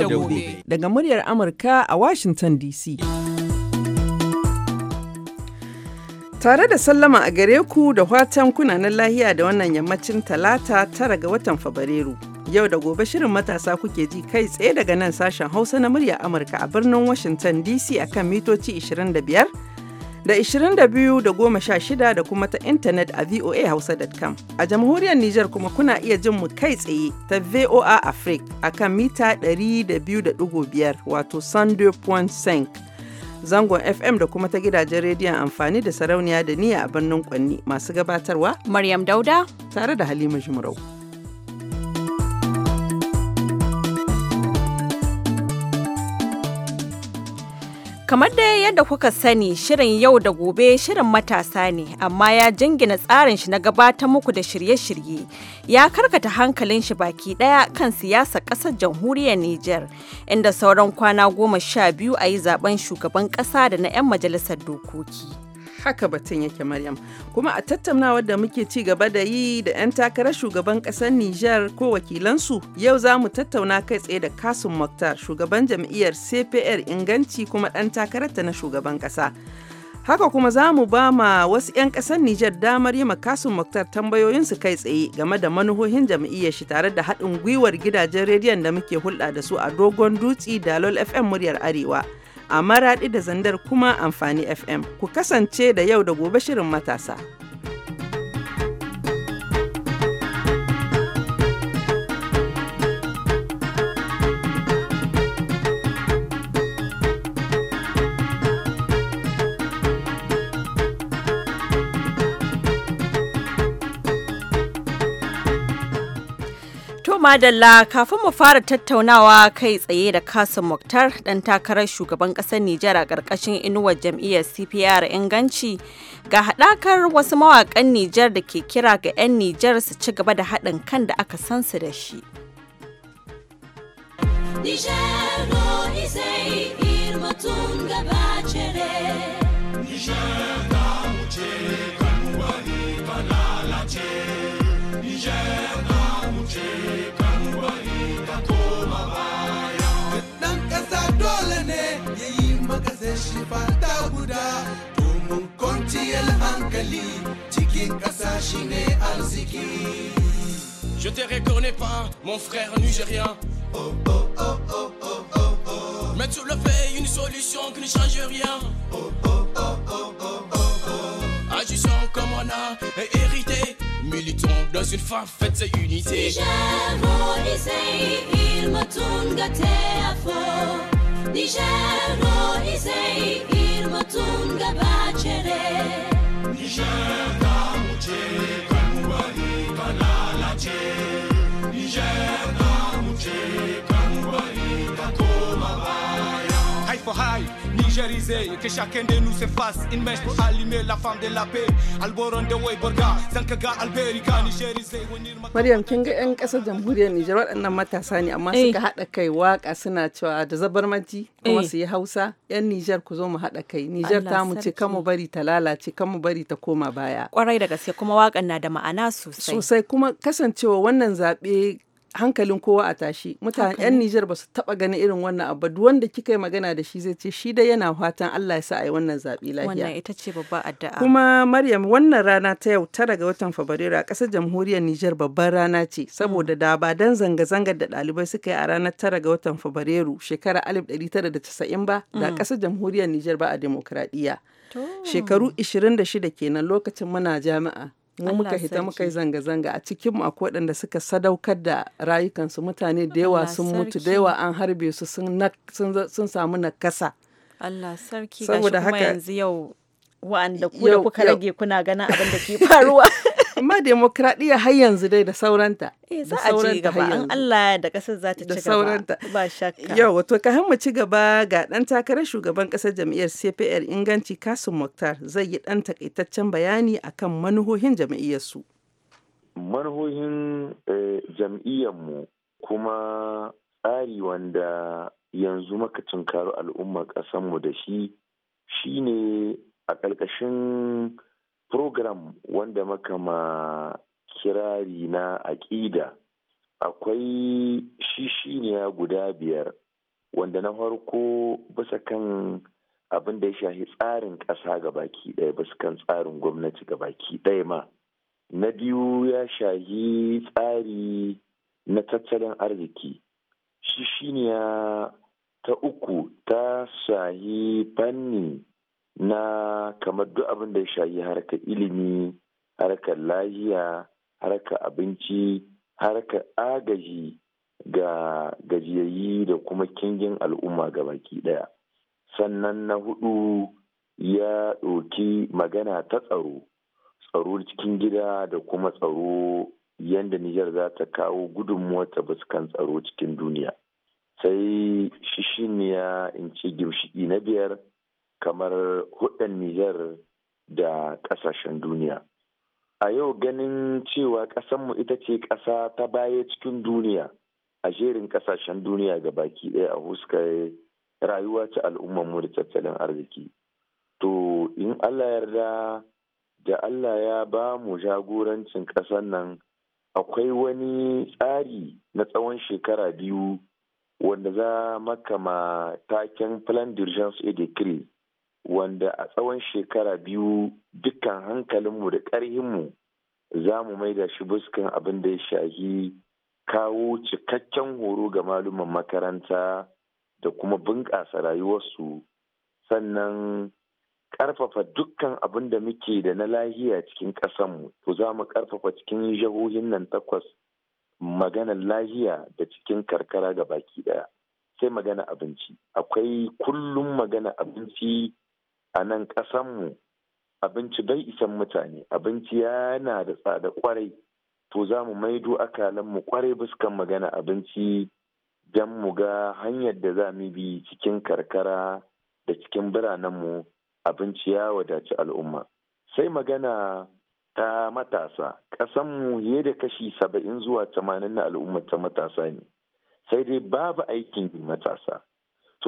da gobe daga muryar Amurka a Washington DC. Tare da sallama a gare ku da watan kunanan lahiya da wannan yammacin talata tara ga watan Fabrairu. Yau da gobe shirin matasa kuke ji kai tsaye daga nan sashen Hausa na murya Amurka a birnin Washington DC akan mitoci 25 da 22 da 16 da kuma ta intanet a voahausa.com. A jamhuriyar Nijar kuma kuna iya jin mu kai tsaye ta VOA Africa a kan mita 200.5 wato Sunday Point Sink Zangon FM da kuma ta gidajen rediyon amfani da sarauniya da niyya a birnin Kwanni masu gabatarwa. Maryam Dauda. Tare da Halima Jumarau. Kamar dai yadda kuka sani shirin yau da gobe shirin matasa ne amma ya jingina tsarin shi na gabatar muku da shirye-shirye ya karkata hankalin shi baki ɗaya kan siyasar ƙasar jamhuriyar Nijar inda sauran kwana goma sha biyu a yi zaben shugaban kasa da na 'yan majalisar dokoki. haka batun yake Maryam. Kuma a tattaunawar da muke ci gaba da yi da 'yan takarar shugaban ƙasar niger ko wakilansu yau za mu tattauna kai tsaye da Kasum mokta shugaban jam'iyyar CPR inganci kuma ɗan takararta na shugaban ƙasa. Haka kuma za mu ba ma wasu 'yan ƙasar niger damar yi makasun tambayoyin su kai tsaye game da manuhohin jam'iyyar shi tare da haɗin gwiwar gidajen rediyon da muke hulɗa da su a Dogon Dutse dalol FM muryar Arewa. a maraɗi da zandar kuma amfani FM. Ku kasance da yau da gobe shirin matasa. madalla kafin mu fara tattaunawa kai tsaye da kasim muktar dan takarar shugaban kasar Nijar a ƙarƙashin inuwar jam'iyyar CPR inganci ga haɗakar wasu mawakan Nijar da ke kira ga 'yan Nijar su ci gaba da haɗin kan da aka san su da shi. Nijar no isai gaba. kali tiki Je te reconnais pas, mon frère nigérien oh, oh oh oh oh oh oh Mais tu le fais, une solution qui ne change rien Oh oh oh oh oh, oh. Agissons comme on a hérité Militons dans une fin faite c'est unité Nigermonisei, il à te afro Moïse, il matunga bachere Niger da mu ce kan mu bari Niger for high, Nigerisé, que chacun de nous se fasse une mèche pour allumer la femme de la paix. Alboron de Weiborga, Sankaga, Alberica, Nigerisé. Maryam, kin ga 'yan ƙasar jamhuriyar Nijar Niger, matasa ne amma eh. suka haɗa kai waƙa suna cewa da zabarmanci un eh. su yi Hausa, 'yan Niger, ku zo mu haɗa kai. Nijar ta mu ce kan bari ta lalace, kan bari ta koma baya. Kwarai da gaske kuma waƙan na da ma'ana sosai. Sosai kuma kasancewa wannan zaɓe hankalin kowa a tashi mutane yan Nijar ba su taba ganin irin wannan abu duk wanda kika yi magana da shi zai ce shi dai yana fatan Allah ya sa a yi wannan zaɓi lafiya wannan ita ce babbar addu'a kuma Maryam wannan rana ta yau tara ga watan Fabrairu a kasar jamhuriyar Nijar babbar rana ce mm. saboda da ba dan zanga-zangar da ɗalibai suka yi a ranar tara ga watan Fabrairu shekara 1990 ba da kasar mm. jamhuriyar Nijar ba a demokradiyya shekaru 26 kenan lokacin muna jami'a mu muka hita muka yi zanga-zanga a cikin mu akwai waɗanda suka sadaukar da rayukansu mutane da yawa sun mutu da yawa an harbe su sun samu nakasa Allah sarki gashi kuma yanzu yau wa'anda ku da kuka rage kuna gana abin da ke faruwa amma demokradiyya har yanzu dai da sauranta eh, za a ci gaba an Allah da kasar za ta ci gaba ba shakka yau wato ka mu ci gaba ga ɗan takarar shugaban ƙasar jam'iyyar CPR inganci Kasim Muktar zai yi ɗan takaitaccen bayani akan manuhohin jam'iyyar su manuhohin eh, jam'iyyar mu kuma tsari wanda yanzu maka cinkaru al'ummar ƙasarmu da shi shine a ƙarƙashin program wanda makama ma kirari na aƙida akwai shishiniya guda biyar wanda na farko bisa kan abin da ya shahi tsarin ƙasa ga baki ɗaya bisa kan tsarin gwamnati ga baki ɗaya ma na biyu ya shahi tsari na tattalin arziki shishiniya ta uku ta shahi fanni. na kamar duk abin da ya shayi harkar ilimi harkar lahiya harkar abinci harkar agaji ga gajiyayi da kuma kingin al'umma ga baki daya sannan na hudu ya ɗauki magana ta tsaro tsaro cikin gida da kuma tsaro yadda Nijar za ta kawo gudunmuwa ta fuskan tsaro cikin duniya sai ya in ce gimshiki na biyar kamar hudun Nijar da kasashen duniya. A yau ganin cewa ƙasanmu ita ce ƙasa ta baya cikin duniya a jerin ƙasashen duniya ga baki ɗaya a huskar rayuwa ta al'ummarmu da tattalin arziki. To in Allah yarda da Allah ya ba mu jagorancin kasan nan akwai wani tsari na tsawon shekara biyu wanda za makama taken plan d'urgence et decree wanda a tsawon shekara biyu dukkan hankalinmu da ƙarhinmu za mu da shi buskan abin da ya shahi kawo cikakken horo ga maluman makaranta da kuma bunƙasa rayuwarsu sannan ƙarfafa dukkan abin da muke da na lahiya cikin ƙasanmu to za mu ƙarfafa cikin jihohin nan takwas maganar lahiya da cikin karkara ga baki ɗaya sai magana abinci akwai kullum magana abinci a nan ƙasanmu abinci bai isan mutane abinci yana da tsada kwarai to za mu maido akalanmu kwarai buskan magana abinci don mu ga hanyar da za mu bi cikin karkara da cikin biranenmu abinci ya wadaci al'umma sai magana ta matasa ƙasanmu fiye da kashi saba'in zuwa tamanin na al'ummar ta matasa ne sai dai babu aikin matasa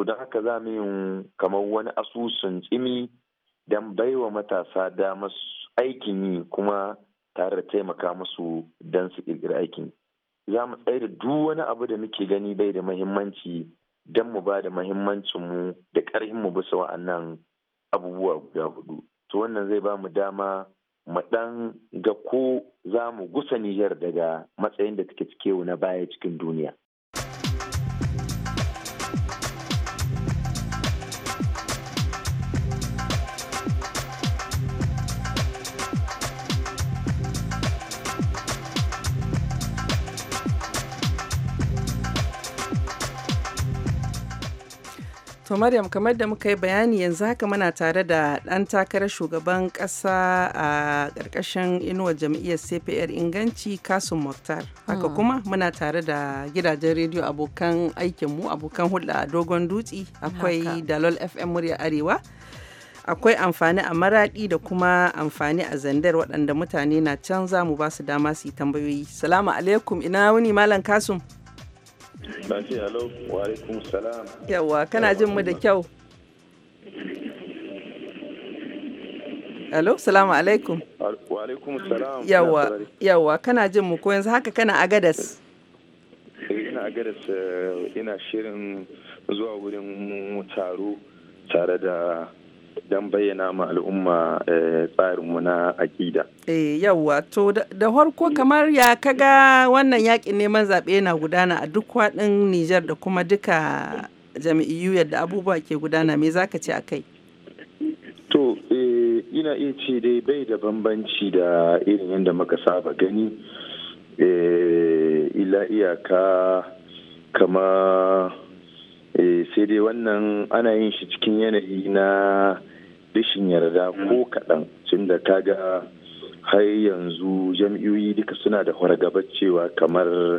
so don haka za mu yin kamar wani asusun tsimi don baiwa matasa damar aikin yi kuma tare da taimaka musu don su ƙirƙiri aikin za mu tsaye da duk wani abu da muke gani bai da mahimmanci don mu ba da mahimmancinmu da ƙarhinmu bisa wa'annan abubuwa guda hudu to wannan zai ba mu dama mu ɗan ga ko za mu gusa Nijar daga matsayin da take cikewu na baya cikin duniya. To Maryam kamar da muka yi bayani yanzu haka muna tare da ɗan takarar shugaban ƙasa a ƙarƙashin inuwar jam'iyyar CPR inganci Kasum Muktar. Haka hmm. kuma muna tare da gidajen rediyo abokan aikinmu abokan hulɗa a Dogon Dutse akwai Dalol FM murya Arewa. Akwai amfani a maraɗi da kuma amfani a zandar waɗanda mutane na can za mu ba su dama su yi tambayoyi. Salamu alaikum ina wuni Malam Kasum. Lafiya lau, wa alaikum salam. Yawwa, kana jin mu da kyau. Alo, salamu alaikum. Wa alaikum salam. Yawwa, yawwa, kana jin mu ko yanzu haka kana agadas. Eh, ina agadas eh, ina shirin zuwa wurin taro tare da don bayyana ma al'umma eh, tsarinmu na akida. Eh yawwa to da farko kamar ya kaga wannan yakin neman zaɓe na gudana a duk faɗin Nijar da kuma duka jami'iyu yadda abubuwa ke gudana me zaka ce a kai? To eh, ina iya ce dai bai da bambanci da irin yadda muka saba gani eh, ila iyaka kama Eh, sai dai wannan ana yin shi cikin yanayi na rashin yarda ko mm. kaɗan tun da kaga har yanzu jam'iyoyi duka suna da fargabar cewa kamar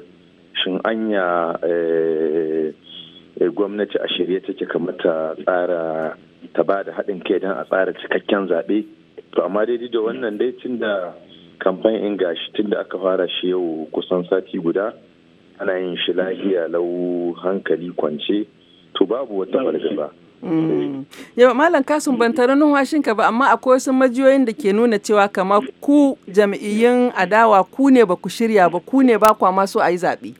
shin anya eh, eh, gwamnati a shirye take kamar ta tsara ta ba da haɗin kai don a tsara cikakken zaɓe to amma daidai da wannan dai tun da kamfan in gashi tun da aka fara shi yau kusan sati guda ana yin shi lahiya lau hankali kwance to babu wata fargaba. Mm. Yau Malam Kasun ban tare washinka ba amma akwai wasu majiyoyin da ke nuna cewa kama ku jam'iyyun adawa ku ne ba ku shirya ba ku ne ba kwa masu a yi zaɓe.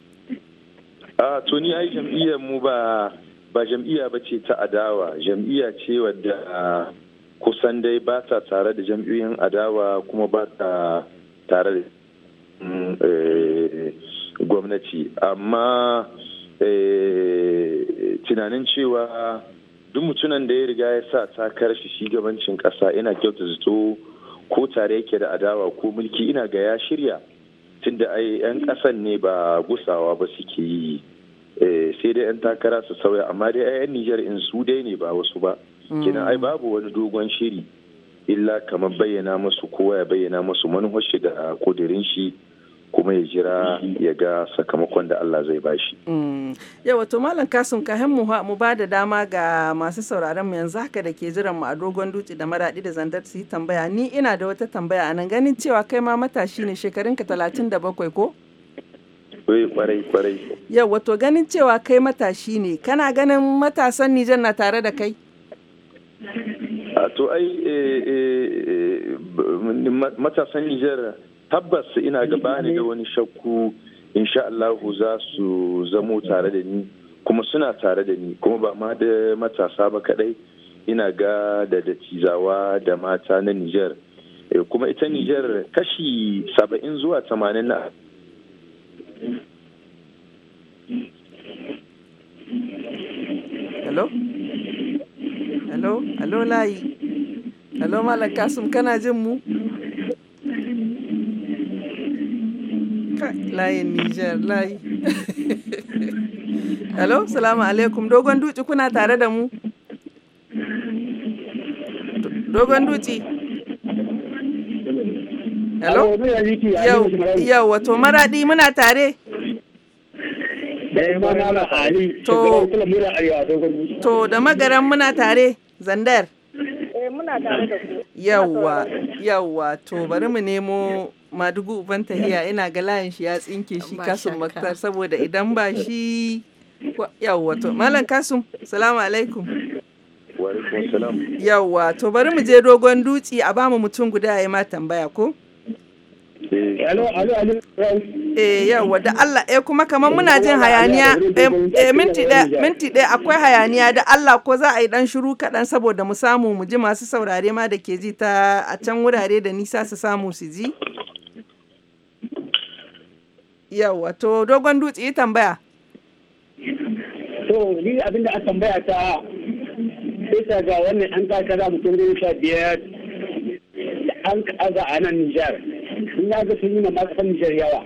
A to ni ai jam'iyyar mu ba ba jam'iyya ba ce ta adawa jam'iyya ce wadda kusan dai ba ta tare da jam'iyyun adawa kuma ba ta tare da mm, eh, gwamnati amma Eh, tunanin cewa duk mutunan da ya riga ya sa takar shi shugabancin ƙasa ina kyauta zato ko tare yake da adawa ko mulki ina ga ya shirya tunda ai 'yan ƙasan ne ba gusawa ba suke yi eh, sai dai 'yan takara su sauya amma dai 'yan Nijar in su dai ne ba wasu ba kina ai babu wani dogon shiri illa kamar bayyana musu kowa ya bayyana musu manufar shi da kudirin shi kuma ya jira ya ga sakamakon da Allah zai bashi. Mm. Yau wato Malam Kasum ka mu ba da dama ga masu sauraron mu yanzu haka da ke jiran mu a dogon dutse da maraɗi da zandar su yi tambaya ni ina da wata tambaya a nan ganin cewa kai ma matashi ne shekarun talatin da bakwai ko? Eh, kwarai kwarai. Yau wato ganin cewa kai matashi ne kana ganin matasan Nijar na tare da kai? To ai eh, eh, matasan Nijar tabbas ina gaba ni da wani shakku insha Allahu za su zamo tare da ni kuma suna tare da ni kuma ba ma da matasa ba kadai ina ga da dattizawa da mata na Nijar eh, kuma ita Nijar kashi saba'in zuwa tamanin na Hello? Hello? Hello layi? Hello Malam Kasim kana jin mu? layin Nijar layi. Hello, salamu alaikum. Dogon duci kuna tare da mu? Dogon duci. Hello? Yau, yau, wato maraɗi muna tare? Eh, to, to da magaran muna tare, Zandar? Eh, yawwa, yawwa, to bari mu nemo madugu uban tahiya ina ga layin shi ya tsinke shi kasum maktar saboda idan ba shi yawwa to malam kasum salamu alaikum yawwa to bari mu je dogon dutse a ba mu mutum guda ya yi ma tambaya ko Eh, eh yawa da Allah eh kuma kamar muna jin hayaniya eh, eh minti ɗaya minti ɗaya akwai hayaniya da Allah ko za a yi dan shiru kaɗan saboda mu samu mu ji masu saurare ma da ke ji ta a can wurare da nisa su samu su ji. Yawa, to dogon dutse yi tambaya. To, ni abinda a tambaya ta bisa ga wannan an takara mutum da sha biyar an kaza a nan Nijar. ya ga sun yi ma Nijar yawa.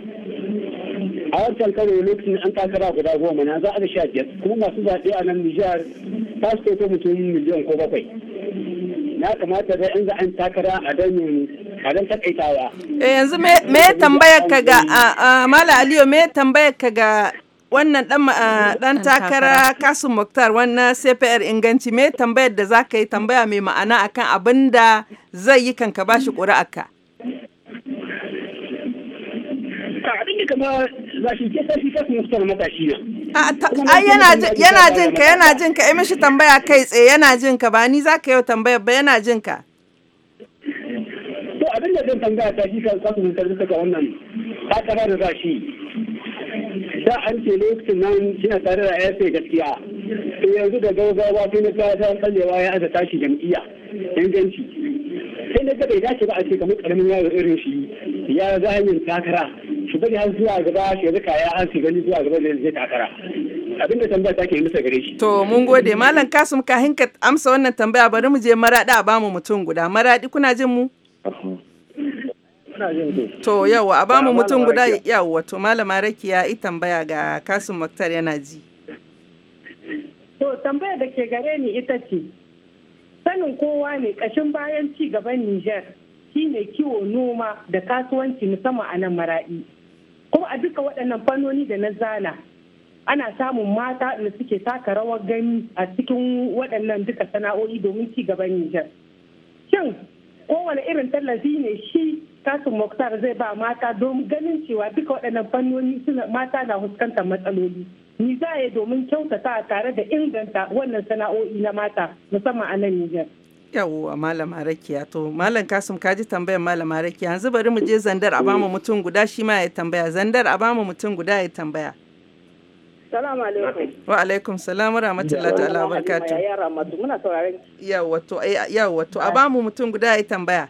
a wancan karo lokacin an takara guda goma na za a da sha biyar kuma masu zaɓe a nan nijar ta su mutum miliyan ko bakwai na kamata zai an za an takara a danin takaitawa. Eh yanzu me tambayar ka ga Mala Aliyu me tambayar ka ga wannan dan dan takara Kasim Muktar wannan CPR inganci me tambayar da za ka yi tambaya mai ma'ana akan abin da zai yi kanka bashi ƙuri'arka. Abin shi yana jinka ka yana jinka ka mishi tambaya kai tsaye yana jinka ba ni za ka yau tambayar ba yana jinka. ka. abin da zan tambaya ta shi kan kasu da suka wannan takara da za shi da an ce lokacin nan shina tare da ya sai gaskiya to yanzu da gaugawa sai na kawo ta tsallewa ya aza tashi jam'iyya inganci sai na ga ya dace ba a ce kamar karamin yaro irin shi ya za yin takara shi bari har zuwa gaba shi zuka ya an su gani zuwa gaba zai takara abin da tambaya take musa gare shi. To mun gode Malam Kasim kahin ka amsa wannan tambaya bari mu je maraɗi a bamu mutum guda maraɗi kuna jin mu? To yawa a bamu mutum guda yawa wato malama rakiya i tambaya ga kasim maktar yana ji. To tambaya da ke gare ni ita ce sanin kowa ne kashin bayan ci gaban Nijar ne kiwo noma da kasuwanci musamman a nan maraɗi. Kuma a duka waɗannan fannoni da na zana ana samun mata da suke taka rawar gani a cikin waɗannan duka sana'o'i domin ci gaban Nijar. Shin kowane irin tallafi ne shi kasu Mokhtar zai ba mata don ganin cewa duka waɗannan fannoni suna mata na fuskantar matsaloli. Ni za a yi domin kyautata tare da inganta wannan sana'o'i na mata musamman a nan Nijar. yawwa malama rakiya to malam Kasum kaji tambayar malama rakiya yanzu bari mu je zandar a bamu eh. mutum guda shi ma ya tambaya zandar a bamu mutum guda ya tambaya Salamu alaikum. Wa alaikum salam wa rahmatullahi ta'ala wa barakatuh. Yara masu muna to eh, to a bamu mutum guda ya tambaya.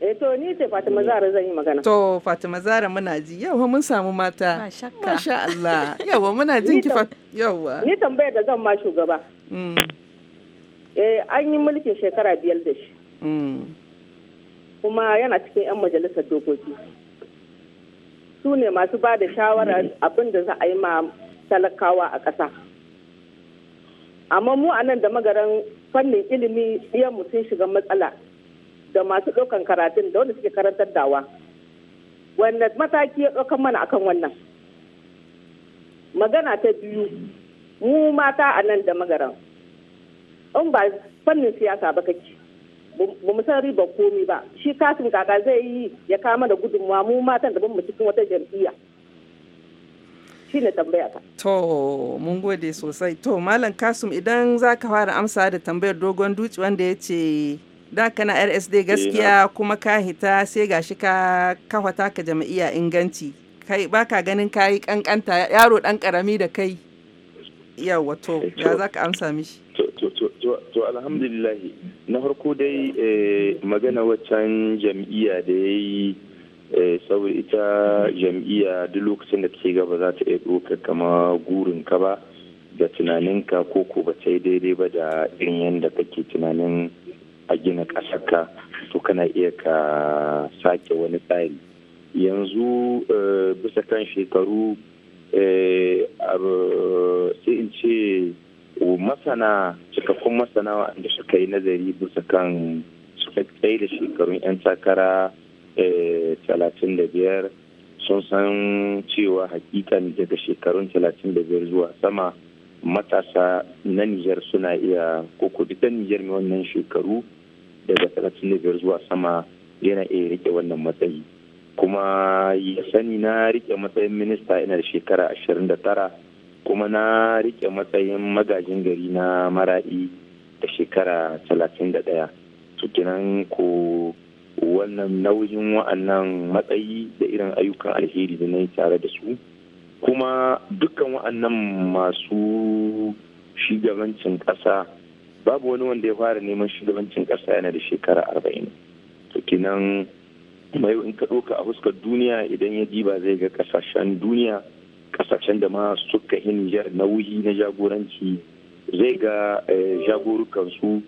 Eh to ni ce Fatima Zara zan yi magana. To Fatima Zara muna ji yawa mun samu mata. ma sha Masha Allah. Yawa muna jin ki yawa. Ni tambaya da zan ma shugaba. Mm. Eh an yi mulkin shekara biyar da shi. Mm. Kuma yana cikin 'yan majalisar dokoki. Su ne masu ba da shawarar abin da za a yi ma talakawa a ƙasa amma mu a nan da magaran fannin ilimi ɗiyan sun shiga matsala da masu ɗaukan karatun da wanda suke karantar dawa Wannan mataki ya ɗaukan mana akan wannan magana ta biyu mu mata a nan da magaran in ba fannin siyasa ba kake ba mu san riba komi ba shi kasin kaka zai yi ya kama da gudunmawa. mu matan da ban mu cikin wata jam'iyya shi tambaya ta. To, mun gode sosai. To, Malam Kasum idan za ka fara amsa da tambayar dogon dutse wanda ya ce da kana RSD eh, gaskiya kuma ka hita sai gashi ka kafa taka jama'iya inganci. Kai ba ka ganin ka yi kankanta yaro dan karami da kai. Yawa to, ya za ka amsa mishi. To, alhamdulillahi na farko dai eh, magana waccan jam'iyya da ya yi Eh, saboda ita jam'iyya duk lokacin da take gaba za ta iya ɗauka kama gurin ka ba da tunaninka ko ko ba ta yi daidai ba da irin yadda kake tunanin a gina ƙasarka to kana iya ka sake wani tsari yanzu eh, bisa kan shekaru eh, sai in ce masana cikakkun masana wanda suka yi nazari bisa kan suka tsaye da shekarun 'yan takara talatin da biyar sun san cewa hakikan daga shekarun talatin da biyar zuwa sama matasa na Nijar suna iya koko duk dan Nijar mai wannan shekaru daga talatin da biyar zuwa sama yana iya rike wannan matsayi kuma ya sani na rike matsayin minista ina da shekara ashirin da tara kuma na rike matsayin magajin gari na mara'i da shekara talatin da ɗaya to kenan ko wannan nauyin wa'annan matsayi da irin ayyukan alheri da na yi tare da su kuma dukkan wa'annan masu shugabancin ƙasa babu wani wanda ya fara neman shugabancin ƙasa yana da shekara arba'in to kinan mai in ka ɗauka a fuskar duniya idan ya ba zai ga ƙasashen duniya ƙasashen da ma suka yi nauyi na jagoranci zai ga eh, jagorukansu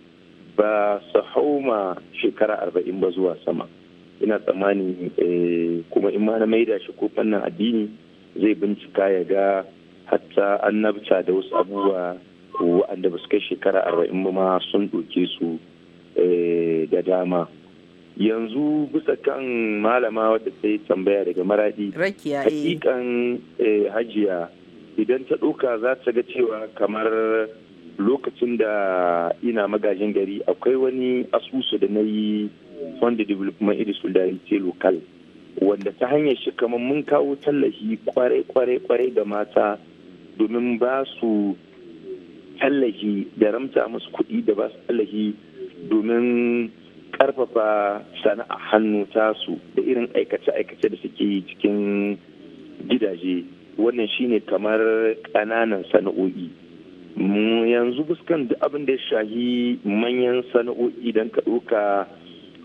ba su hau ma shekara arba'in ba zuwa sama ina tsammani eh, kuma in ma na maida shi ko fannin addini zai bincika ya ga hatta annabta da wasu abubuwa wa'anda ba su kai shekara arba'in ba ma sun doke su eh, da dama yanzu bisa kan malama wadda ta yi tambaya daga maradi eh. hakikan hajiya idan ta ɗauka za ta ga cewa kamar lokacin da ina magajin gari akwai wani asusu da na yi wanda development iri solidarity local wanda ta hanyar shi kamar mun kawo tallafi kwarai-kwarai-kwarai ga mata domin ba su tallafi da ramta musu kuɗi da ba su tallafi domin karfafa sana'a hannu tasu da irin aikace-aikace da suke yi cikin gidaje wannan shine kamar ƙananan sana'o'i mu yanzu buskan duk abin da ya shahi manyan sana'o'i don ka ɗauka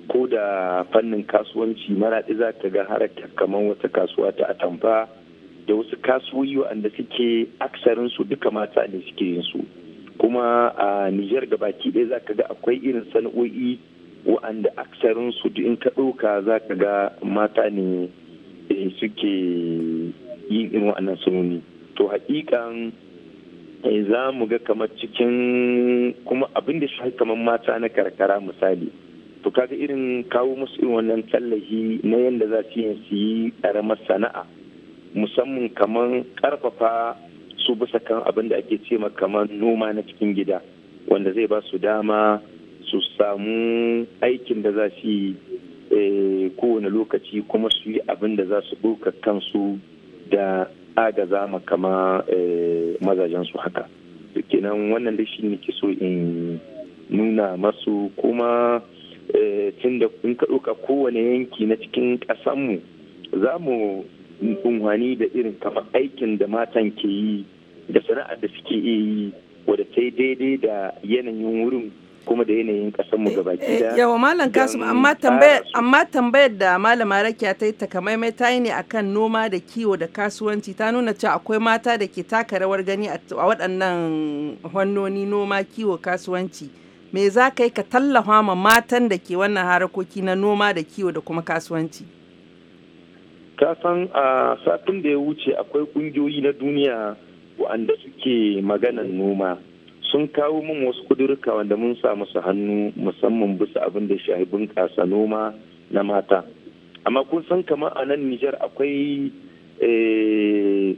ko da fannin kasuwanci maraɗi za ka ga haraka kamar wata kasuwa ta atamfa da wasu kasuwoyi waɗanda suke aksarin duka mata ne suke yin su kuma a Nijar ga baki ɗaya za ka ga akwai irin sana'o'i waɗanda aksarin su in ka ɗauka za ka ga mata ne eh, suke yin irin waɗannan sanoni to haƙiƙan Eh za mu ga kamar cikin kuma abin da shi kamar mata na karkara misali to kaga irin kawo musu irin wannan tallahi na yadda za su yi su yi ƙaramar sana'a musamman kamar ƙarfafa su bisa kan abin da ake ce ma kamar noma na cikin gida wanda zai ba su dama su samu aikin da za su yi eh, kowane lokaci kuma su yi abin da za su ɗauka kansu da agaza ma kama eh, mazajen su haka kenan wannan da shi ne so in nuna masu kuma eh, tun da kun ka kowane yanki na cikin ƙasanmu za mu unhwani da irin kama aikin da matan ke yi da sana'ar da suke yi wadda ta daidai da yanayin wurin kuma da yanayin ƙasar mu yawa malam kasu amma tambayar amma tambayar da malama rakiya ta yi takamaimai ta yi ne akan noma da kiwo da kasuwanci ta nuna cewa akwai mata da ke taka rawar gani a waɗannan hannoni noma kiwo kasuwanci me za ka yi ka tallafa ma matan da ke wannan harakoki na noma da kiwo da kuma kasuwanci ka san a satin da ya wuce akwai kungiyoyi na duniya waɗanda suke maganan noma sun kawo mun wasu kudurka wanda mun sa musu hannu musamman bisa abin da shahi bunƙasa noma na mata amma kun san kamar a nan nijar akwai eh,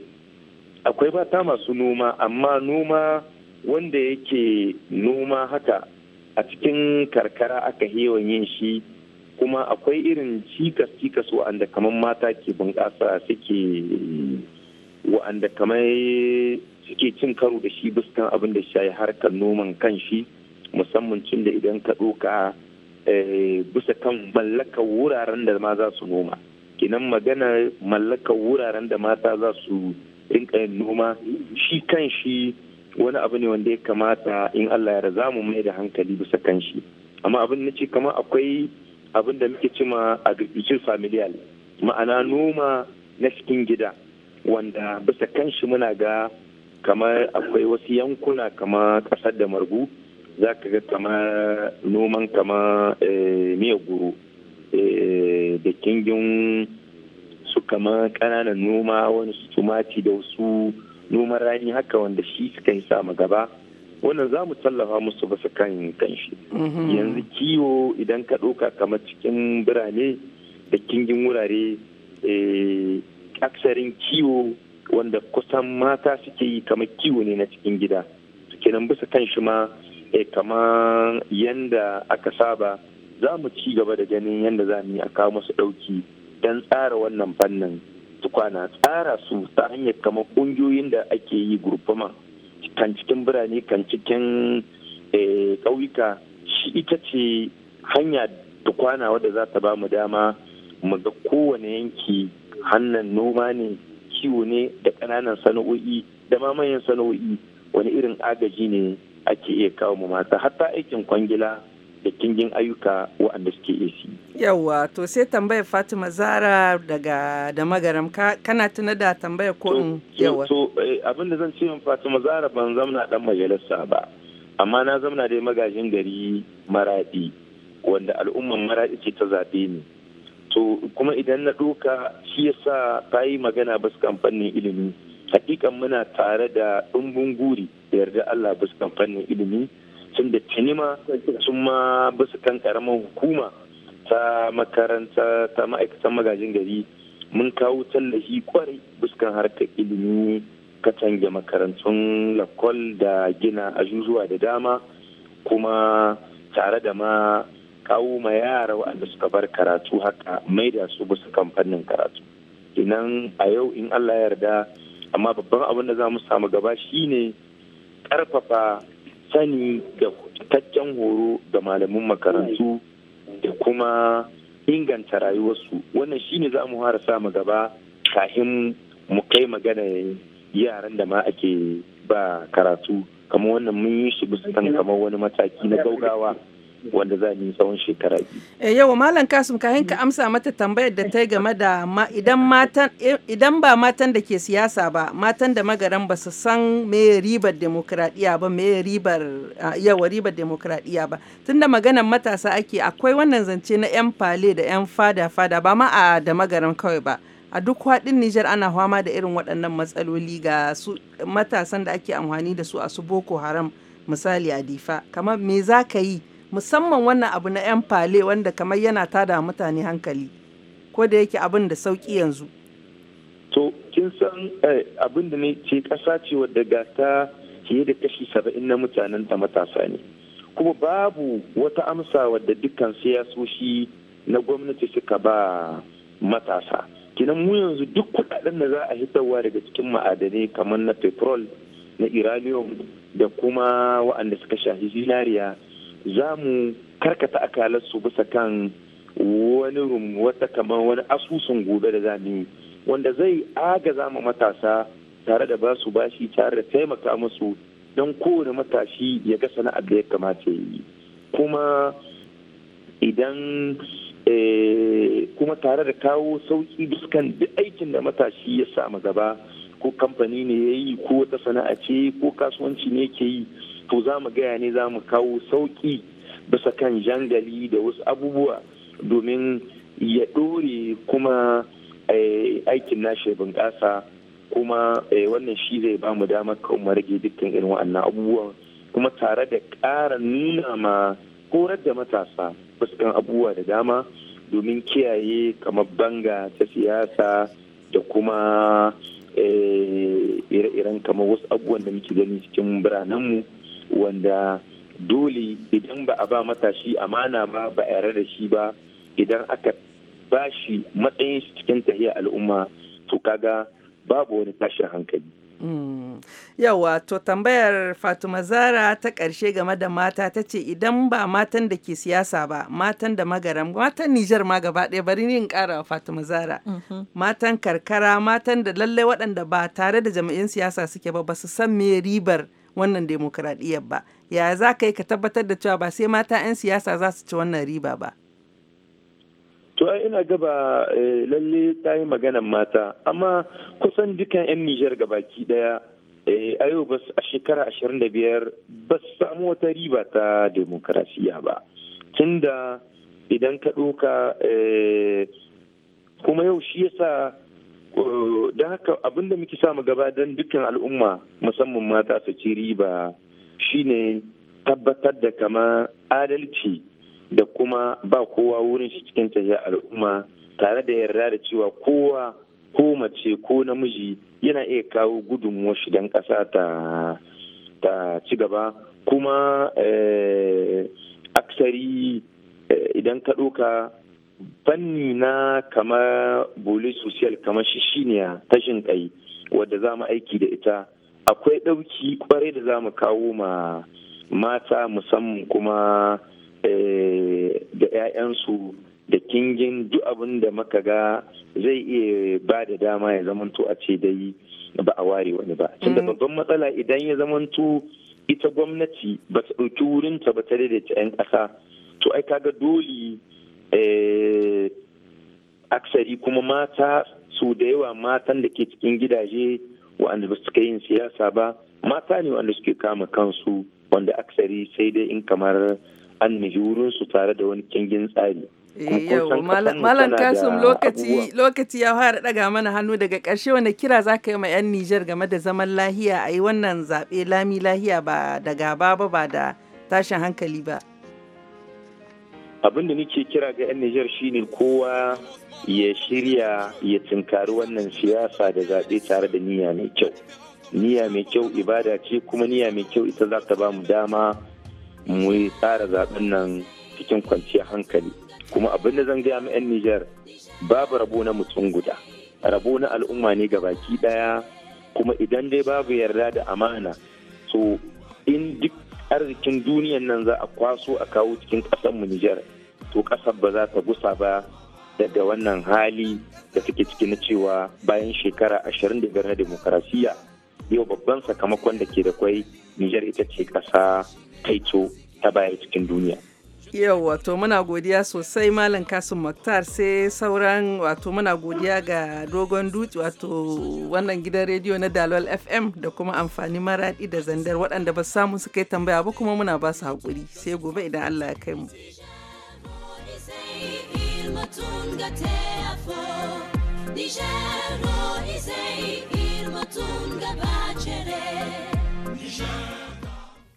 akwai bata masu noma amma noma wanda yake noma haka a cikin karkara aka hewan yin shi kuma akwai irin cikas cikas wa'anda kamar mata ke bunƙasa suke wa'anda kamar suke cin karo da shi buskan abin da shayi harkar noman kan shi musamman cin da idan ka ɗoka eh, bisa kan mallakar wuraren da ma za su noma kinan magana mallakar wuraren da mata za su rinka yin noma shi kan shi wani abu ne wanda ya kamata in Allah ya raza mu mai da hankali bisa kan shi amma abin na ce kamar akwai abin da muke cima agriculture familial ma'ana noma na cikin gida wanda bisa kan shi muna ga kamar akwai wasu yankuna kamar kasar da margu za ka ga kamar noman kamar eh, miya guru eh, da kingin su kamar kananan noma wani su tumati da wasu noman rani haka wanda shi suka yi sama gaba wannan za mu tallafa musu basu kan kanshi mm-hmm. yanzu kiwo idan ka ɗauka kamar cikin birane da kingin wurare eh, aksarin kiwo wanda kusan mata suke yi kamar kiwo ne na cikin gida kenan bisa kan shi ma eh, kamar yanda aka saba za mu ci gaba da ganin yanda za mu yi a kawo masu ɗauki don tsara wannan fannin tukwana tsara su ta hanyar kamar ƙungiyoyin da ake yi gurfama kan cikin birane kan cikin eh, ƙauyuka shi ita ce hanya tukwana wadda za ta ba mu dama mu ga kowane yanki hannan noma ne kiwo ne da ƙananan sana'o'i da mamayen sana'o'i wani irin agaji ne ake iya kawo mu mata hatta aikin kwangila da kingin ayyuka waɗanda suke isi. Yawwa to sai tambayar Fatima Zara daga da magaram kana tuna da tambayar ko in yawa. To eh, abin da zan ce min Fatima Zara ban zamna dan majalisa ba amma na zamna dai magajin gari maraɗi wanda al'umman maraɗi ce ta zaɓe ni. to kuma idan na ɗoka shi yasa ta yi magana baskan fannin ilimi hakikan muna tare da ɗumbin guri da yarda Allah baskan fannin ilimi sun da tinima sun ma basu kan karamin hukuma ta makaranta ta ma'aikatan magajin gari mun kawo tallafi kwarai buskan harkar ilimi ka canza makarantun lakol da gina ajujuwa da dama kuma tare da ma kawo ma yara waɗanda suka bar karatu haka mai da su bisa kan fannin karatu inan a yau in Allah ya yarda amma babban abin da za mu samu gaba shine karfafa sani da fitaccen horo da malamin makarantu da kuma inganta rayuwarsu wannan shine za mu fara samu gaba kafin mu kai magana yaran da ma ake ba karatu kamar wannan mun yi shi bisa kamar wani mataki na gaugawa wanda za ni tsawon shekara biyu. Eh, yawa Malam Kasim kayan ka amsa mata tambayar da ta yi game da eh, idan ba matan da ke siyasa ba matan da magaran ba su san me ribar demokradiya ba me ribar yawa ribar demokradiya ba tunda maganar matasa ake akwai wannan zance na yan fale da yan fada fada ba ma a da magaran kawai ba. a duk faɗin Nijar ana fama da irin waɗannan matsaloli ga su matasan da ake amfani da su a su Boko Haram misali a Difa kamar me za ka yi musamman wannan abu na 'yan fale wanda kamar yana tada mutane hankali ko da yake abin da sauki yanzu to kin san eh, abin da ne ce ƙasa ce wadda gata fiye da kashi saba'in na mutanen ta matasa ne kuma babu wata amsa wadda dukkan siyasoshi na gwamnati suka ba matasa kinan mu yanzu duk kudaden da za a hitarwa daga cikin ma'adanai kamar na petrol na iranium da kuma waɗanda suka shafi zinariya za mu karkata akalarsu bisa kan wani wata kamar wani asusun gobe da za mu wanda zai agaza mu matasa tare da ba su bashi tare da taimaka musu don kowane matashi ya ga sana'ar da ya kamata yi kuma idan eh, kuma tare da kawo sauki dukkan duk aikin da matashi ya sa gaba ko kamfani ne ya yi ko wata sana'a ce ko kasuwanci ne ke yi to za mu gaya ne za mu kawo sauƙi bisa kan jangali da wasu abubuwa domin ya ɗore kuma eh, aikin nashi bunƙasa kuma eh, wannan shi zai ba mu damar mu rage dukkan irin wa'annan abubuwan kuma tare da ƙara nuna ma horar da matasa fuskan abubuwa da dama domin kiyaye kamar banga ta siyasa da kuma eh, ire-iren kamar wasu abubuwan da muke gani cikin biranenmu. mu wanda dole idan ba a ba matashi amana ba ba a yarda da shi ba idan aka ba shi matsayin shi cikin tahiyar al'umma to kaga babu wani tashin hankali. Hmm. Yawa to tambayar fatima Zara ta karshe game da mata ta ce idan ba matan da ke siyasa ba matan da magaram matan Nijar ma gaba ɗaya bari ni in ƙara wa fatima Zara mm-hmm. matan karkara matan da lallai waɗanda ba tare da jama'in siyasa suke ba ba su san me ribar wannan demokuraɗiyyar ba ya za ka yi ka tabbatar da cewa ba sai mata 'yan siyasa za su ci wannan riba ba to ai ina gaba eh, lalle ta yi maganan mata amma kusan dukan 'yan nijar gabaki daya eh, a yau ba a shekara 25 ba su samu wata riba ta demokrasiya ba tunda idan ka ɗoka eh, kuma yau shi yasa Eh, da haka abin da muke samu gaba don dukkan al'umma musamman mata su ci riba shine tabbatar da kama adalci da kuma ba kowa wurin shi cikin tafiya al'umma tare da yarda da cewa kowa ko mace ko namiji yana iya kawo gudunmuwar shi don ƙasa ta ci gaba kuma eh, aksari eh, idan ka ɗauka. fanni na kama boli social kamar shishiniya tashin kai wadda za mu aiki da ita akwai ɗauki kwarai da za mu kawo ma mata musamman kuma eh, da 'ya'yansu da kingin duk abin da maka ga zai iya ba da dama ya zamanto a ce dai ba a ware wani ba. Tunda mm. babban matsala idan ya zamanto ita gwamnati ba ta ɗauki wurinta ba ta daidaita 'yan ƙasa to ai kaga dole Eh, aksari kuma mata su da yawa matan da ke cikin gidaje wanda ba su yin siyasa ba mata ne wanda suke kama kansu wanda aksari sai dai in kamar an miji su tare da wani kingin tsari. Yau, Malam Kasum lokaci ya fara daga mana hannu daga karshe wanda kira za ka yi ma 'yan Nijar game da zaman lahiya a yi wannan zaɓe lami lahiya ba da gaba ba ba da tashin hankali ba. abin da nake kira ga 'yan Nijar shine kowa ya shirya ya tunkari wannan siyasa da zaɓe tare da niyya mai kyau. Niyya mai kyau ibada ce kuma niyya mai kyau ita za ta ba mu dama mu yi tsara zaɓen nan cikin kwanciyar hankali. Kuma abin da zan gaya mu 'yan Nijar babu rabo na mutum guda. Rabo na al'umma ne ga baki ɗaya kuma idan dai babu yarda da amana. So in duk arzikin duniyan nan za a kwaso a kawo cikin mu Nijar to ƙasar ba za ta gusa ba daga wannan hali da suke ciki na cewa bayan shekara 25 na demokarasiya yau babban sakamakon da ke da kwai Nijar ita ce ƙasa taito ta baya cikin duniya. yau wato muna godiya sosai malam kasim maktar sai sauran wato muna godiya ga dogon dutse wato wannan gidan rediyo na dalol fm da kuma amfani maraɗi da zandar waɗanda ba samu su kai tambaya ba kuma muna ba su haƙuri sai gobe idan allah ya kai mu